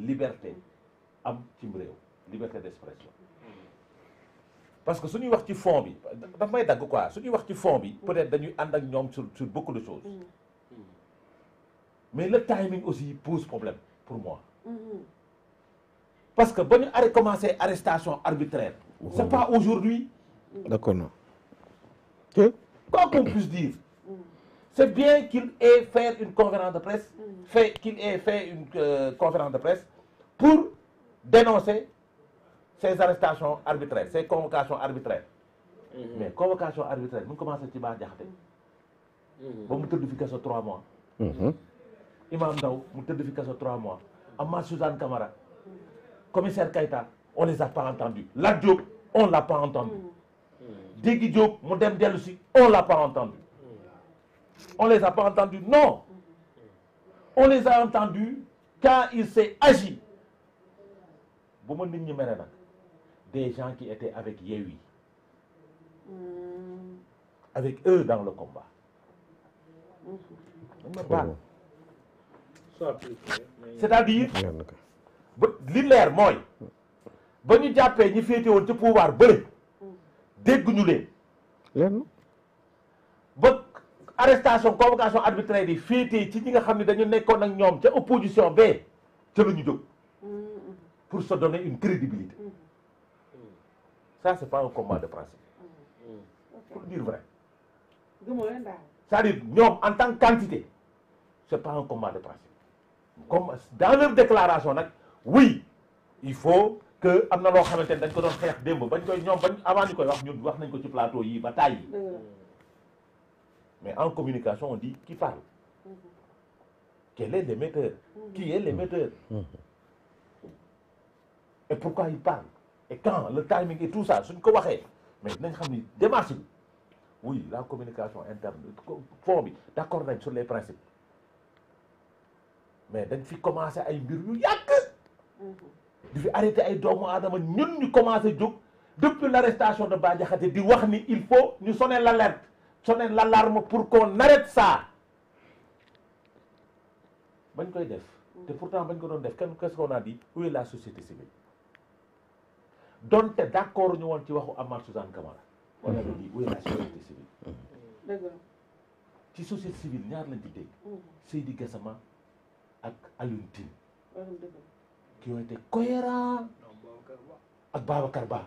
liberté am liberté d'expression parce que ce wax ci fond bi daf may dag quoi wax ci fond peut-être dañuy un ak sur beaucoup de choses mm-hmm. mais le timing aussi pose problème pour moi mm-hmm. parce que bon, ñu arrêté commencé arrestation arbitraire c'est pas aujourd'hui d'accord non quoi qu'on puisse dire c'est bien qu'il ait fait une conférence de presse, mm. qu'il ait fait une euh, conférence de presse pour dénoncer ces arrestations arbitraires, ces convocations arbitraires. Mm-hmm. Mais convocation arbitraire, nous commençons à dire Bon, nous avons trois mois. Mm -hmm. Imam Daou, nous avons trois mois. Amma Suzanne Kamara, commissaire Kaita, on ne les a pas entendus. La on ne l'a pas entendu. Mm -hmm. Digui Diop, Modem on ne l'a pas entendu. On ne les a pas entendus. Non. On les a entendus quand il s'est agi. Des gens qui étaient avec Yehui. Hmm. Avec eux dans le combat. Hmm. C'est-à-dire, l'hiver, moi, quand ba ñu fait ñi pouvoir, ci pouvoir le pouvoir. arrestation convocation arbitraire yi féetee ci ñi nga xam ne dañu nekkoon ak ñoom ca opposition bee ca la ñu jóg pour sa donner une crédibilité ça c'est pas de principe pour ñoom en tant quantité c'est pas un combat de principe comme dans leur déclaration nag oui il faut que am na loo xamante ne dañ ko doon xeex démb bañ koy ñoom bañ avant ñu koy wax ñun wax nañ ko ci plateau yi ba tàyyi Mais en communication, on dit qui parle Quel est l'émetteur Qui est l'émetteur Et pourquoi il parle Et quand Le timing et tout ça, c'est une cobarde. Mais nous démarche. Oui, la communication interne, forme, d'accord sur les principes. Mais nous avons commencé à nous faut arrêter à nous nous commencé à depuis l'arrestation de bah dit il faut nous sonner l'alerte. sonner l'alarme pour qu'on arrête ça bañ koy def te pourtant bañ ko doon def kenn qu'est-ce qu'on a dit où est la société civile donte d'accord ñu woon ci waxu Amath Suzanne Camara on avait dit où est la société ci société civile ñaar lañ ci dégg mm-hmm. Seydi Gassama ak Alioune Tine qui ont été cohérents ak Babacar Ba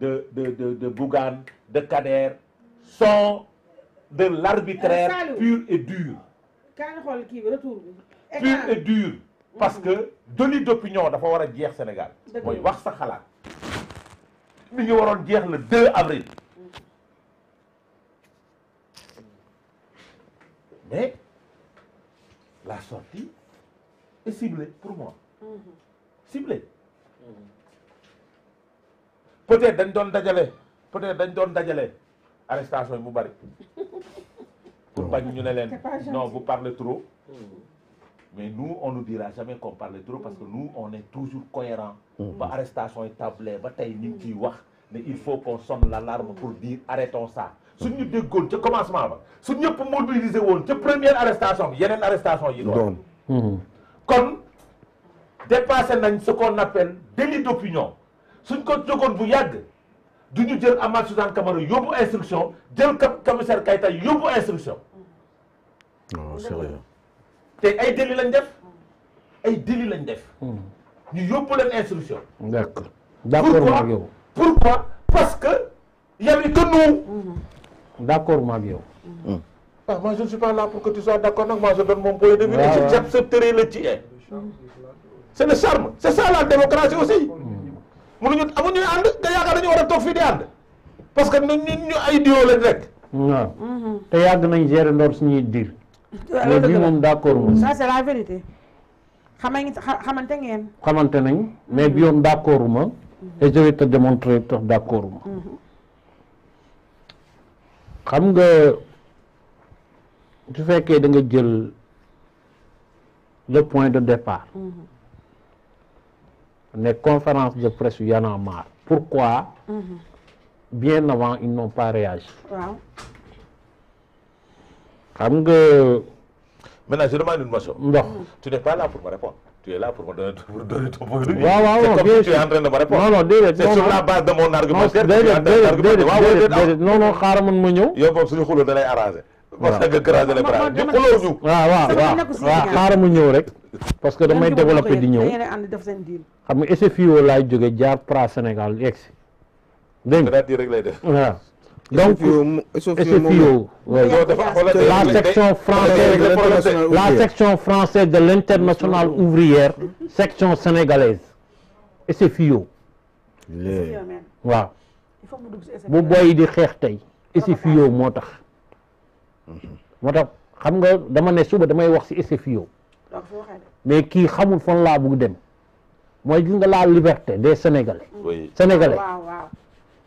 de, de, de, de Bougan, de Kader, sont de l'arbitraire pur et dur. Pur et dur. Parce mm. que délit d'opinion dafa war a au Sénégal. mooy wax sa xalaat. mi ngi une guerre le 2 avril. mais la sortie est ciblée pour moi. Mm-hmm. ciblée. Mm-hmm peut-être dañ doon dajalé peut-être dañ doon dajalé arrestation bu bari pour bañ ñu ne len non vous parlez trop hmm. mais nous on ne dira jamais qu'on parle trop parce que nous on est toujours cohérent hmm. ba arrestation est tablé ba tay ñu ci wax mais il faut qu'on sonne l'alarme pour dire arrêtons ça suñu déggoon ca commencement ba su ñëpp mobilisé c'est la première arrestation Il y arrestation yi doon kon dépasser nañ ce qu'on appelle délit d'opinion suñ ko jógoon bu yag du ñu jël Amath Suzanne Camara yóbbu instruction jël commissaire Kayta instruction. non c'est vrai. te ay délit lañ def ay délit lañ def. Hmm. ñu a leen instruction. d'accord d'accord yow pourquoi parce que yami que nous. Hmm. d'accord ak yow. Hmm. Ah, moi je ne suis pas là pour que tu sois d'accord moi je donne mon point de vue. et j'accepterai le tien. c'est le charme c'est ça la démocratie aussi. mënuñu amuñu ànd nga yaakaar dañu war a toog fii di ànd parce que ñun ñu ay diwo lañ rek. waaw mhm. te yàgg nañ gérer ndoor suñuy diir. mais bii moom d'accord moom. ça c'est la vérité. xamante ngeen. xamante nañ mais bi mhm. yoon d'accord ma. Mhm. et je vais te démontrer tax d'accord ma. xam nga su fekkee da nga jël le point de départ. les conférences de presse, il y en a marre. Pourquoi mhm. Bien avant, ils n'ont pas réagi. Wow. Que... Maintenant, je demande une motion. Tu n'es pas là pour me répondre. Tu es là pour me donner, pour donner ton point de vue. C'est comme si tu es en train de me répondre. Non, non, C'est sur la base de mon argumentaire que tu es en train Non, non, xaaral mon ñëw. yow boobu suñu xuloo da lay arrangé. parce que graser les bras Je xuloo ñu. waaw waaw waaw xaaral ma ñëw rek. parce que damay développé di ñëw xam nga SFIO laay jóge jaar pra Sénégal yegg si dégg nga rek lay def voilà donc SFIO la section française la section française de l'internationale ouvrière section sénégalaise SFIO waaw bu boy di xeex tey SFIO moo tax mhm. moo tax xam nga dama ne suba damay wax si SFIO mais kii xamul fan laa bugg dem mooy gis nga la liberté des sénégalais. oui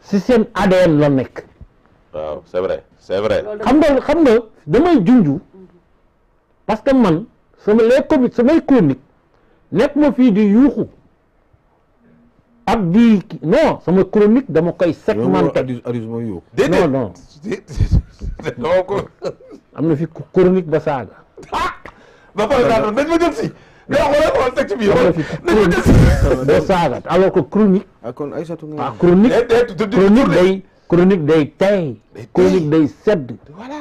si seen ADN la nekk. xam nga xam nga damay junju parce que man sama les comi samay chronique nekk ma fii di yuuxu ak di non sama chronique dama koy segmenté. non non. am na fi chronique ba saaga. Ah! ba pare daal dañ ma jëm si. Não, wala ko teg ci biir. não saaga alors que chronique. ah chronique. chronique day chronique day tay. chronique day sedd.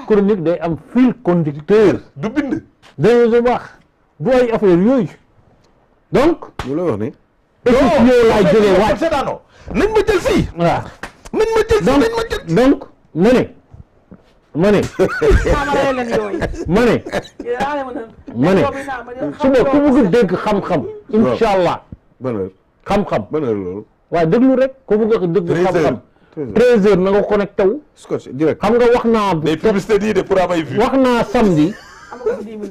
chronique day am fil conducteur. du bind. dañuy wax du ay affaire yooyu. donc. ñu la wax ni. yow donc ma ne. ma ne. ne suba ku bëgg dégg xam-xam. incha allah. xam-xam. waaw déglu rek ku bëgg a dégg xam-xam. 13h na wu. xam nga wax naa. les publicités yi de pour am wax naa samedi.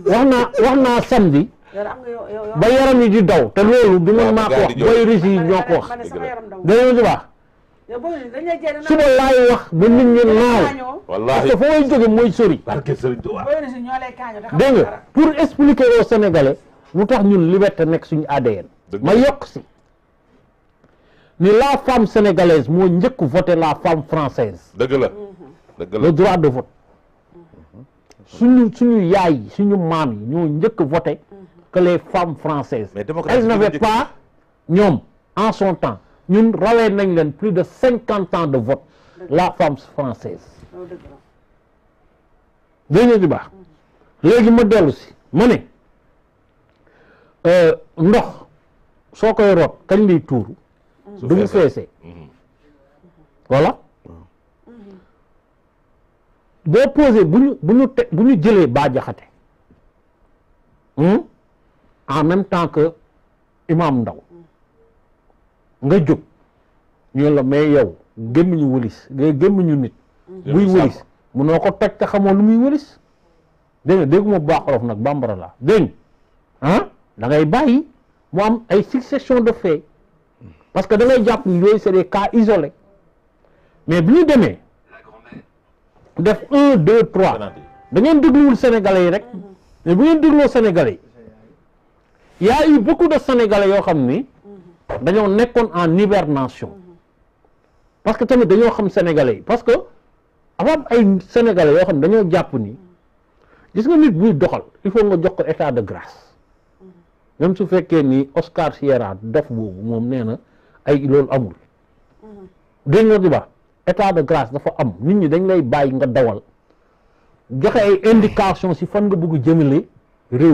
wax naa wax naa samedi. ba yaram yi di daw. ta loolu du man maa ko wax boy risi yi ñoo ko wax. dégg nga li suba laay wax ba nit ñi naaw. wallaahi parce que foo may jóge mooy sori. parce que Serigne Touba dégg nga pour expliquer aux Sénégalais lu tax ñun liberté nek suñu ADN. ma yok si ni la femme sénégalaise mo njëkk voter la femme française. deug la mhm. deug la le droit de vote. suñu suñu yaay suñu maam yi ñoo njëkk voté mhm. que les femmes françaises. elles n'avaient pas ñom en son temps. ñun rawee nañ leen plus de cinquante ans de vote la fems française oh, dégg di baax mm-hmm. léegi ma dellusi si ne euh, ndox soo koy root kañ lay tuuru mm-hmm. du mu feesee mm-hmm. voilà boo posé bu ñu bu ñu te bu ñu jëlee baa jaxate hmm, en même temps que imam ndaw nga jóg ñu la mais yow nit lu muy bambara la ah, succession de faits parce que da ngay c'est des cas isolés mais bi ñu def un deux trois da sénégalais yi rek mm-hmm. mais bu sénégalais yi y a eu beaucoup de sénégalais yoo xam mm-hmm. en hibernation parce que tamit dañoo xam sénégalais yi parce que avant ay sénégalais yoo xam ne dañoo jàpp ni gis nga nit buy doxal il faut nga jox ko état de grâce même su fekkee nii Oscar Sierra def boobu moom nee na ay loolu amul dégg nga état de grâce dafa am nit ñi dañ lay bàyyi nga dawal joxe ay indication si fan nga bëgg jëmale réew